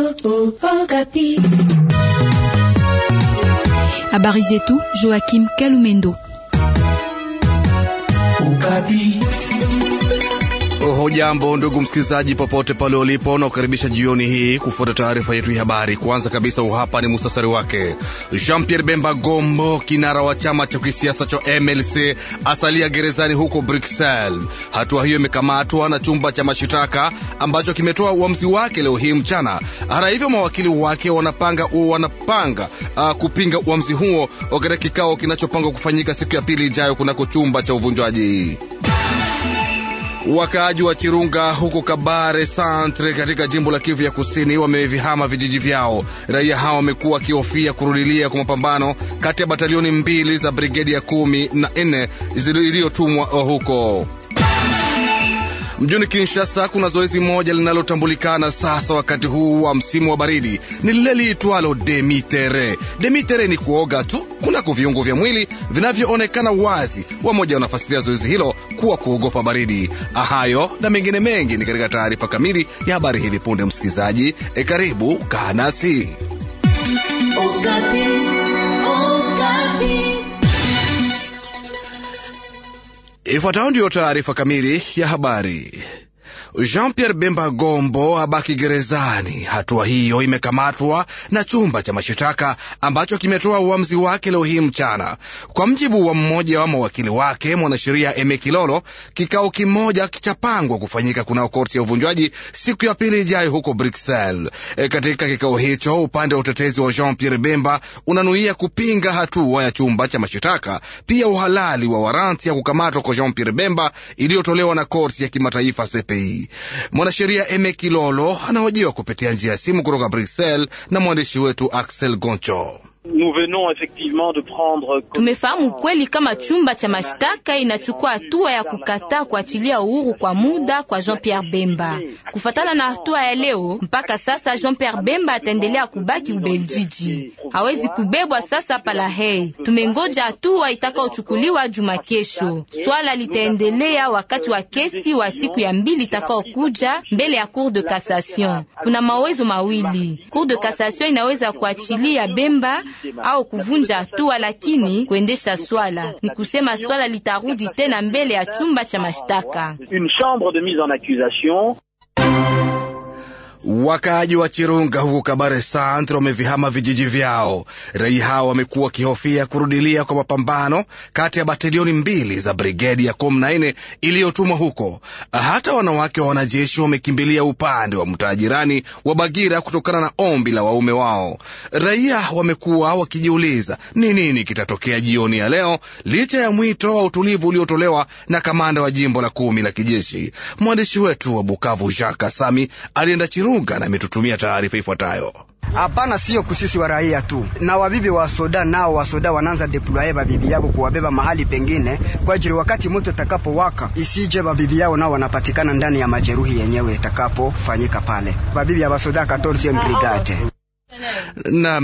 Oh, oh, Okapi. Oh, Habari zetu Joachim Kalumendo. Okapi. Ujambo ndugu msikilizaji, popote pale ulipo, na jioni hii kufuata taarifa yetu ya habari. Kwanza kabisa, uhapa ni mustasari wake. Jean Pierre Bemba Gombo, kinara wa chama cha kisiasa cha MLC, asalia gerezani huko Bruxelles. Hatua hiyo imekamatwa na chumba cha mashitaka ambacho kimetoa uamuzi wake leo hii mchana. Hata hivyo, mawakili wake wanapanga wanapanga uh, kupinga uamuzi huo katika kikao kinachopangwa kufanyika siku ya pili ijayo kunako chumba cha uvunjwaji Wakaaji wa Chirunga huko Kabare Santre katika jimbo la Kivu ya Kusini wamevihama vijiji vyao. Raia hawa wamekuwa wakihofia kurudilia kwa mapambano kati ya batalioni mbili za brigedi ya kumi na nne iliyotumwa uh, huko Mjini Kinshasa kuna zoezi moja linalotambulikana sasa wakati huu wa msimu wa baridi, ni lile liitwalo demitere. Demitere ni kuoga tu kunako viungo vya mwili vinavyoonekana wazi. Wamoja wanafasiria zoezi hilo kuwa kuogopa baridi. Hayo na mengine mengi ni katika taarifa kamili ya habari hivi punde. Msikilizaji, e, karibu kaa nasi. Ifuatayo ndiyo taarifa kamili ya habari. Jean-Pierre Bemba Gombo abaki gerezani. Hatua hiyo imekamatwa na chumba cha mashitaka ambacho kimetoa uamuzi wake leo hii mchana. Kwa mjibu wa mmoja wa mawakili wake, mwanasheria Eme Kilolo, kikao kimoja kichapangwa kufanyika kunao korti ya uvunjwaji siku ya pili ijayo huko Bruxelles. E, katika kikao hicho upande wa utetezi wa Jean-Pierre Bemba unanuia kupinga hatua ya chumba cha mashitaka, pia uhalali wa waranti ya kukamatwa kwa Jean-Pierre Bemba iliyotolewa na korti ya kimataifa CPI. Mwanasheria Eme Kilolo anahojiwa kupitia njia ya simu kutoka Brussels na mwandishi wetu Axel Goncho. Tumefahamu kweli kama chumba cha mashtaka inachukua hatua ya kukataa kuachilia uhuru kwa muda kwa Jean-Pierre Bemba. Kufatana na hatua ya leo, mpaka sasa Jean-Pierre Bemba ataendelea kubaki Ubeljiji, hawezi kubebwa sasa pala hei. Tumengoja hatua itakaochukuliwa juma kesho. Swala litaendelea wakati wa kesi wa siku ya mbili itakaokuja mbele ya Cour de Cassation. Kuna mawezo mawili, Cour de Cassation inaweza kuachilia Bemba au kuvunja hatua, lakini kuendesha swala ni kusema swala litarudi tena mbele ya chumba cha mashtaka. Wakaaji wa Chirunga huku Kabare Santre wamevihama vijiji vyao. Raia hao wamekuwa wakihofia kurudilia kwa mapambano kati ya batalioni mbili za brigedi ya kumi na nne iliyotumwa huko. Hata wanawake wa wanajeshi wamekimbilia upande wa mtaa jirani wa Bagira kutokana na ombi la waume wao. Raia wamekuwa wakijiuliza ni nini kitatokea jioni ya leo, licha ya mwito wa utulivu uliotolewa na kamanda wa jimbo la kumi la kijeshi. Mwandishi wetu wa Bukavu Jaka Sami alienda Chirunga Lunga na ametutumia taarifa ifuatayo. Hapana, sio kusisi wa raia tu na wabibi wa soda, nao wa soda wananza deploye babibi yao kuwabeba mahali pengine, kwa ajili wakati moto itakapowaka isije babibi yao nao wanapatikana ndani ya majeruhi yenyewe itakapofanyika pale. Babibi ya basoda 14 brigade na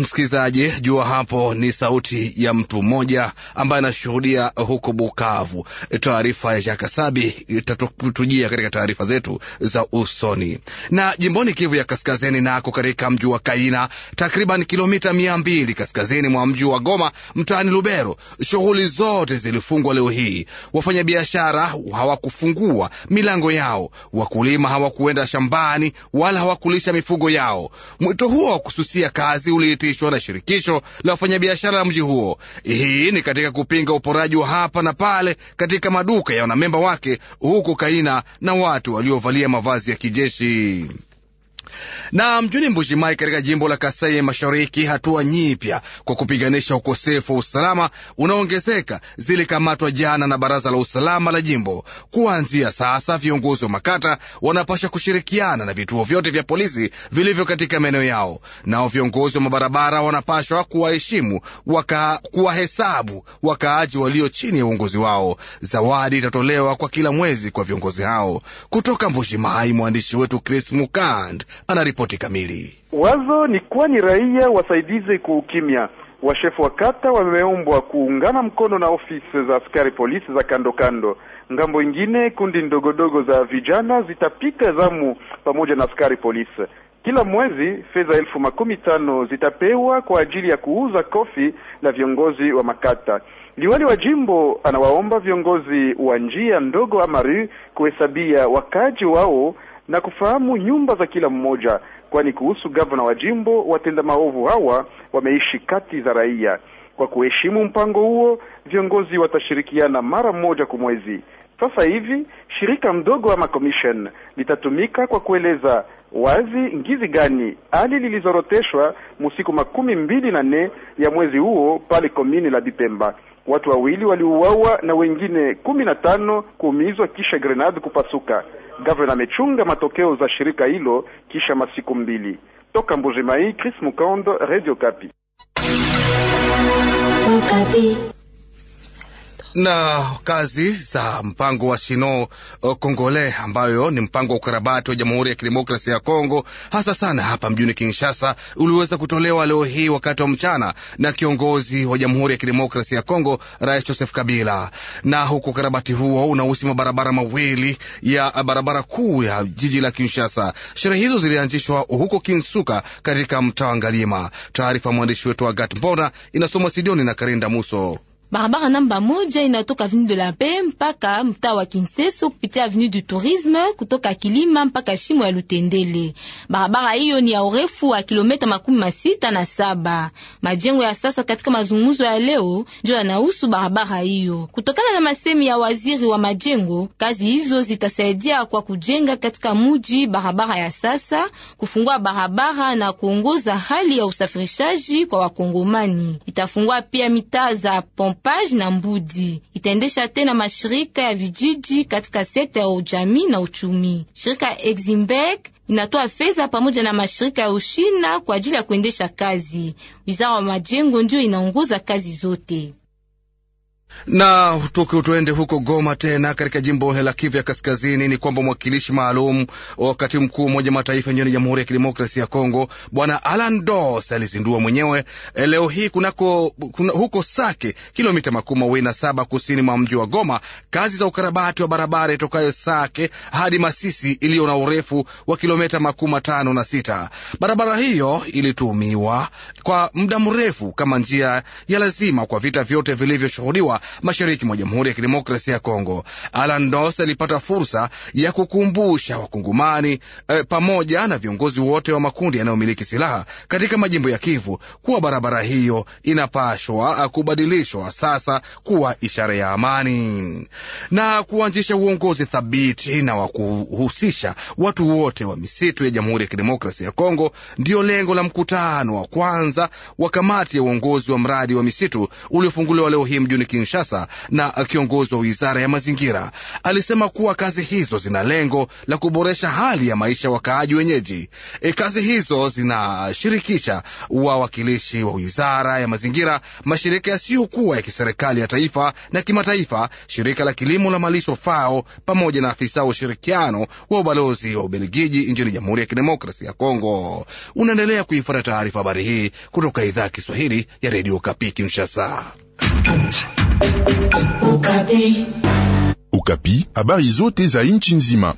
msikilizaji, jua hapo ni sauti ya mtu mmoja ambaye anashuhudia huko Bukavu. Taarifa ya Kasabi itatutujia katika taarifa zetu za usoni. Na jimboni Kivu ya Kaskazini, nako katika mji wa Kaina, takriban kilomita mia mbili kaskazini mwa mji wa Goma, mtaani Lubero, shughuli zote zilifungwa leo hii. Wafanyabiashara hawakufungua milango yao, wakulima hawakuenda shambani wala hawakulisha mifugo yao. Mwito huo wa kususia kazi uliitishwa na shirikisho la wafanyabiashara la mji huo. Hii ni katika kupinga uporaji wa hapa na pale katika maduka ya wanamemba wake huko Kaina na watu waliovalia mavazi ya kijeshi na Mbuji Mbujimai katika jimbo la Kasai Mashariki, hatua nyipya kwa kupiganisha ukosefu wa usalama unaongezeka zilikamatwa jana na baraza la usalama la jimbo. Kuanzia sasa, viongozi wa makata wanapasha kushirikiana na vituo vyote vya polisi vilivyo katika maeneo yao. Nao viongozi wa mabarabara wanapashwa kuwaheshimu, kuwahesabu wakaaji walio chini ya uongozi wao. Zawadi itatolewa kwa kila mwezi kwa viongozi hao. Kutoka mbuji mai mwandishi wetu Chris Mukand anaripoti kamili. Wazo ni kwani raia wasaidize kuukimya Washefu wa kata wameombwa kuungana mkono na ofisi za askari polisi za kando kando. Ngambo ingine, kundi ndogodogo za vijana zitapika zamu pamoja na askari polisi. Kila mwezi fedha elfu makumi tano zitapewa kwa ajili ya kuuza kofi la viongozi wa makata. Liwali wa jimbo anawaomba viongozi wa njia ndogo amaru kuhesabia wakaji wao na kufahamu nyumba za kila mmoja, kwani kuhusu gavana wa jimbo, watenda maovu hawa wameishi kati za raia. Kwa kuheshimu mpango huo, viongozi watashirikiana mara moja kwa mwezi. Sasa hivi shirika mdogo ama commission litatumika kwa kueleza wazi ngizi gani hali lilizoroteshwa msiku makumi mbili na nne ya mwezi huo pale komini la Bipemba. Watu wawili waliuawa na wengine kumi na tano kuumizwa kisha grenade kupasuka gavana amechunga matokeo za shirika hilo kisha masiku mbili. Toka Mbujimai, Chris Mukondo, Radio Kapi. Kapi na kazi za mpango wa Shino uh, Kongole ambayo ni mpango wa ukarabati wa Jamhuri ya Kidemokrasia ya Kongo, hasa sana hapa mjini Kinshasa, uliweza kutolewa leo hii wakati wa mchana na kiongozi wa Jamhuri ya Kidemokrasia ya Kongo, Rais Joseph Kabila. Na huku ukarabati huo unahusu mabarabara mawili ya uh, barabara kuu ya jiji la Kinshasa. Sherehe hizo zilianzishwa huko Kinsuka katika mtaa wa Ngalima. Taarifa ya mwandishi wetu wa gat Mbona inasomwa sidioni na Karinda Muso. Barabara namba moja inatoka Avenue de la Paix mpaka mtaa wa Kinseso kupitia Avenue du Tourisme kutoka Kilima mpaka Shimo ya Lutendele. Barabara hiyo ni ya urefu wa kilomita makumi masita na saba. Majengo ya sasa katika mazungumzo ya leo ndio yanahusu barabara hiyo. Kutokana na masemi ya waziri wa majengo, kazi hizo zitasaidia kwa kujenga katika muji barabara ya sasa, kufungua barabara na kuongoza hali ya usafirishaji kwa Wakongomani. Itafungua pia mitaa za Pomp Kopage na Mbudi itaendesha tena mashirika ya vijiji katika sekta ya ujamii na uchumi. Shirika ya Eximbank inatoa fedha pamoja na mashirika ya ushina kwa ajili ya kuendesha kazi. Wizara wa majengo ndio inaongoza kazi zote na tuki tuende huko Goma tena katika jimbo la Kivu ya Kaskazini. Ni kwamba mwakilishi maalum wa katibu mkuu Umoja Mataifa nchini Jamhuri ya Kidemokrasi ya Kongo Bwana Alan Dos alizindua mwenyewe eh, leo hii kunako kuna, huko Sake, kilomita makumi mawili na saba kusini mwa mji wa Goma, kazi za ukarabati wa barabara itokayo Sake hadi Masisi iliyo na urefu wa kilomita makumi matano na sita. Barabara hiyo ilitumiwa kwa muda mrefu kama njia ya lazima kwa vita vyote vilivyoshuhudiwa mashariki mwa Jamhuri ya Kidemokrasia ya Kongo. Alan Doss alipata fursa ya kukumbusha wakungumani e, eh, pamoja na viongozi wote wa makundi yanayomiliki silaha katika majimbo ya Kivu kuwa barabara hiyo inapashwa eh, kubadilishwa sasa kuwa ishara ya amani na kuanzisha uongozi thabiti na wa kuhusisha watu wote wa misitu ya Jamhuri ya Kidemokrasia ya Kongo ndiyo lengo la mkutano wa kwanza wa kamati ya uongozi wa mradi wa misitu uliofunguliwa leo hii mjini Kinshasa. Kinshasa na kiongozi wa wizara ya mazingira alisema kuwa kazi hizo zina lengo la kuboresha hali ya maisha ya wakaaji wenyeji. E, kazi hizo zinashirikisha wawakilishi wa wizara ya mazingira, mashirika yasiyokuwa ya kiserikali ya taifa na kimataifa, shirika la kilimo la malisho FAO, pamoja na afisa wa ushirikiano wa ubalozi wa Ubelgiji nchini Jamhuri ya Kidemokrasi ya Kongo. Unaendelea kuifuata taarifa habari hii kutoka idhaa ya Kiswahili ya Redio Kapi Kinshasa. Ukapi. Ukapi, habari zote za nchi nzima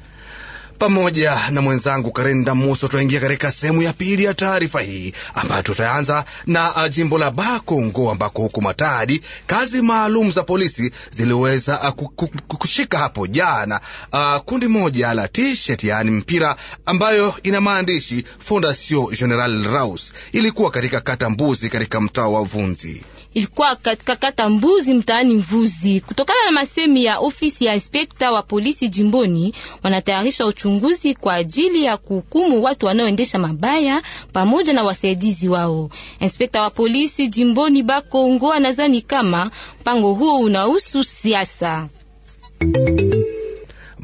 pamoja na mwenzangu Karenda Muso, tutaingia katika sehemu ya pili ya taarifa hii ambayo tutaanza na uh, jimbo la Bakongo ambako huko Matadi kazi maalum za polisi ziliweza uh, kushika hapo jana uh, kundi moja la t-shirt yaani mpira ambayo ina maandishi Fondation General Raus. Ilikuwa katika kata Mbuzi katika mtaa wa Vunzi ilikuwa katika kata Mbuzi mtaani Mvuzi. Kutokana na masemi ya ofisi ya inspekta wa polisi jimboni, wanatayarisha uchunguzi kwa ajili ya kuhukumu watu wanaoendesha mabaya pamoja na wasaidizi wao. Inspekta wa polisi jimboni Bakongo anazani kama mpango huo unahusu siasa.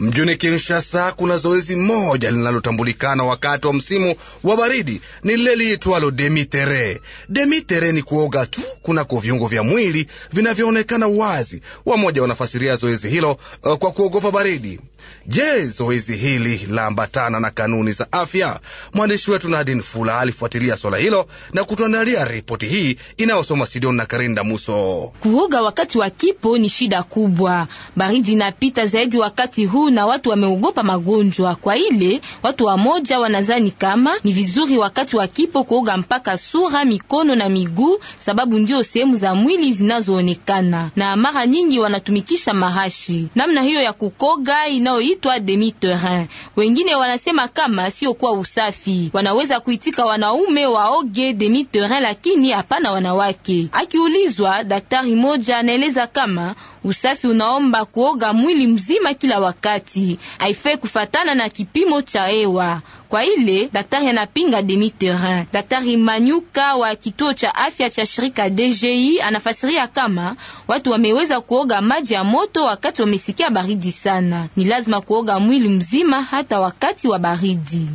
Mjini Kinshasa kuna zoezi moja linalotambulikana wakati wa msimu wa baridi, ni lile liitwalo demitere. Demitere ni kuoga tu kunako viungo vya mwili vinavyoonekana wazi. Wamoja wanafasiria zoezi hilo eh, kwa kuogopa baridi. Je, zoezi hili laambatana na kanuni za afya? Mwandishi wetu Nadin Fula alifuatilia swala hilo na kutuandalia ripoti hii inayosoma studioni na Karinda Muso. Kuoga wakati wa kipo ni shida kubwa, baridi inapita zaidi wakati huu na watu wameogopa magonjwa. Kwa ile watu wamoja wanazani kama ni vizuri wakati wa kipo kuoga mpaka sura, mikono na miguu, sababu ndio sehemu za mwili zinazoonekana, na mara nyingi wanatumikisha marashi. Namna hiyo ya kukoga inayo inaitwa demi terrain. Wengine wanasema kama sio kwa usafi, wanaweza kuitika wanaume waoge demi terrain, lakini hapana wanawake. Akiulizwa, daktari moja anaeleza kama usafi unaomba kuoga mwili mzima kila wakati, haifai kufatana na kipimo cha hewa. Kwa ile daktari anapinga demi terrain. Daktari Manyuka wa kituo cha afya cha shirika DGI anafasiria kama watu wameweza kuoga maji ya moto wakati wamesikia baridi sana. Ni lazima kuoga mwili mzima hata wakati wa baridi.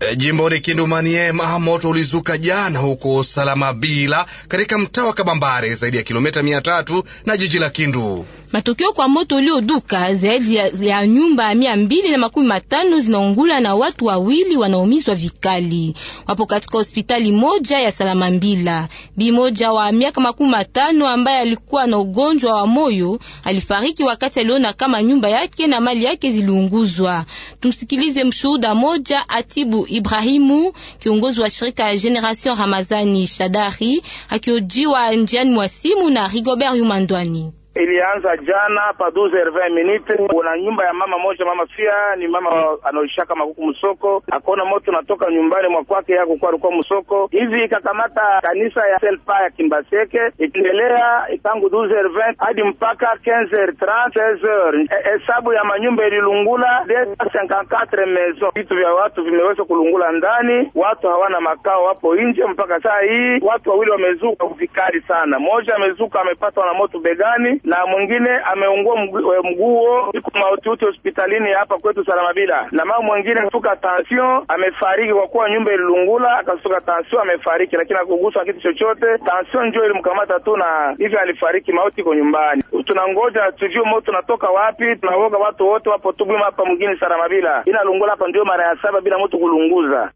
Eh, jimboni Kindu Maniema, moto ulizuka jana huko Salamabila katika mtaa wa Kabambare, zaidi ya kilomita mia tatu na jiji la Kindu. Matokeo kwa moto ulioduka zaidi ya, ya nyumba mia mbili na makumi matano zinaungula na watu wawili wanaumizwa vikali, wapo katika hospitali moja ya Salama Mbila. Bi moja wa miaka makumi matano ambaye alikuwa na ugonjwa wa moyo alifariki wakati aliona kama nyumba yake na mali yake ziliunguzwa. Tumsikilize mshuhuda moja Atibu Ibrahimu, kiongozi wa shirika ya Generation Ramazani Shadari, akiojiwa njiani mwa simu na Rigobert Yumandwani ilianza jana pa 12:20 minute. Kuna nyumba ya mama moja, mama fia ni mama anaoishaka makuku msoko, akona moto natoka nyumbani mwa kwake yako kwa alikuwa msoko hivi, ikakamata kanisa ya Selpa ya Kimbaseke, ikiendelea tangu 12:20 hadi mpaka 15:30 16h. E, hesabu ya manyumba ililungula 54 maison, vitu vya watu vimeweza kulungula ndani, watu hawana makao, wapo nje mpaka saa hii. Watu wawili wamezuka vikali sana, moja amezuka amepatwa na moto begani na mwingine ameungua mguo eh, siku maututi hospitalini hapa kwetu Salamabila, na mama mwingine akasuka tension amefariki kwa kuwa nyumba ililungula, akasuka tension amefariki, lakini akuguswa kitu chochote. Tension ndio ilimkamata tu na hivyo alifariki, mauti iko nyumbani. Tunangoja tujue moto natoka wapi, Tunaoga watu wote wapo tubwima hapa mgini Salamabila, inalungula hapa ndio mara ya saba bila mtu kulunguza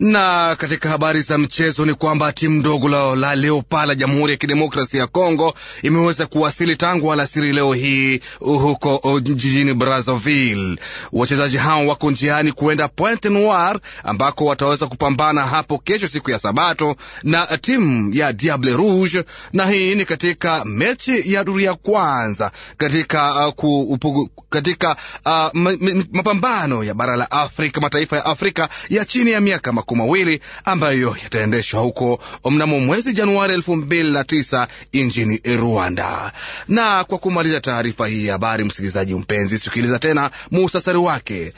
na katika habari za mchezo ni kwamba timu ndogo la, la Leopa la Jamhuri ya kidemokrasi ya Kongo imeweza kuwasili tangu alasiri leo hii huko uh, jijini Brazzaville. Wachezaji hao wako njiani kuenda Pointe Noire ambako wataweza kupambana hapo kesho siku ya Sabato na timu ya Diable Rouge, na hii ni katika mechi ya duru ya kwanza katika, uh, ku, upugu, katika uh, mapambano ya bara la Afrika, mataifa ya Afrika ya chini ya miaka makuu mawili ambayo yataendeshwa huko mnamo mwezi Januari elfu mbili na tisa nchini Rwanda. Na kwa kumaliza taarifa hii habari, msikilizaji mpenzi, sikiliza tena muhtasari wake.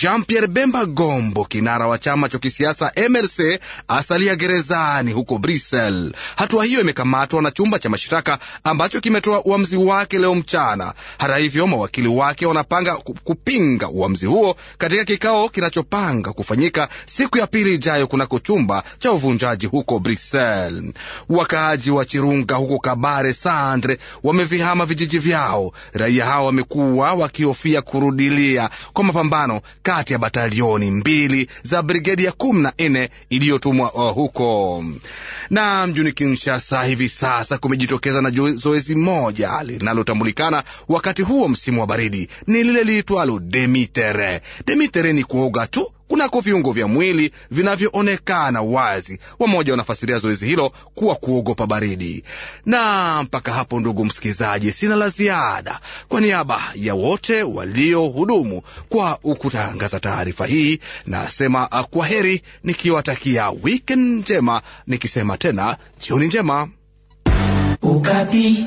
Jean Pierre Bemba Gombo, kinara wa chama cha kisiasa MLC, asalia gerezani huko Brussels. Hatua hiyo imekamatwa na chumba cha mashitaka ambacho kimetoa uamuzi wake leo mchana. Hata hivyo, mawakili wake wanapanga kupinga uamuzi huo katika kikao kinachopanga kufanyika siku ya pili ijayo kunako chumba cha uvunjaji huko Bruxelles. Wakaaji wa Chirunga huko Kabare Sandre wamevihama vijiji vyao. Raia hao wamekuwa wakihofia kurudilia kwa mapambano kati ya batalioni mbili za brigedi ya kumi na nne iliyotumwa uh, huko. Na mjini Kinshasa hivi sasa kumejitokeza na zoezi moja linalotambulikana wakati huo msimu wa baridi, ni lile liitwalo demitere. Demitere ni kuoga tu kunako viungo vya mwili vinavyoonekana wazi. Wamoja wanafasiria zoezi hilo kuwa kuogopa baridi. Na mpaka hapo, ndugu msikilizaji, sina la ziada. Kwa niaba ya wote waliohudumu kwa ukutangaza taarifa hii, nasema kwa heri nikiwatakia wikendi njema, nikisema tena jioni njema. Ukapi.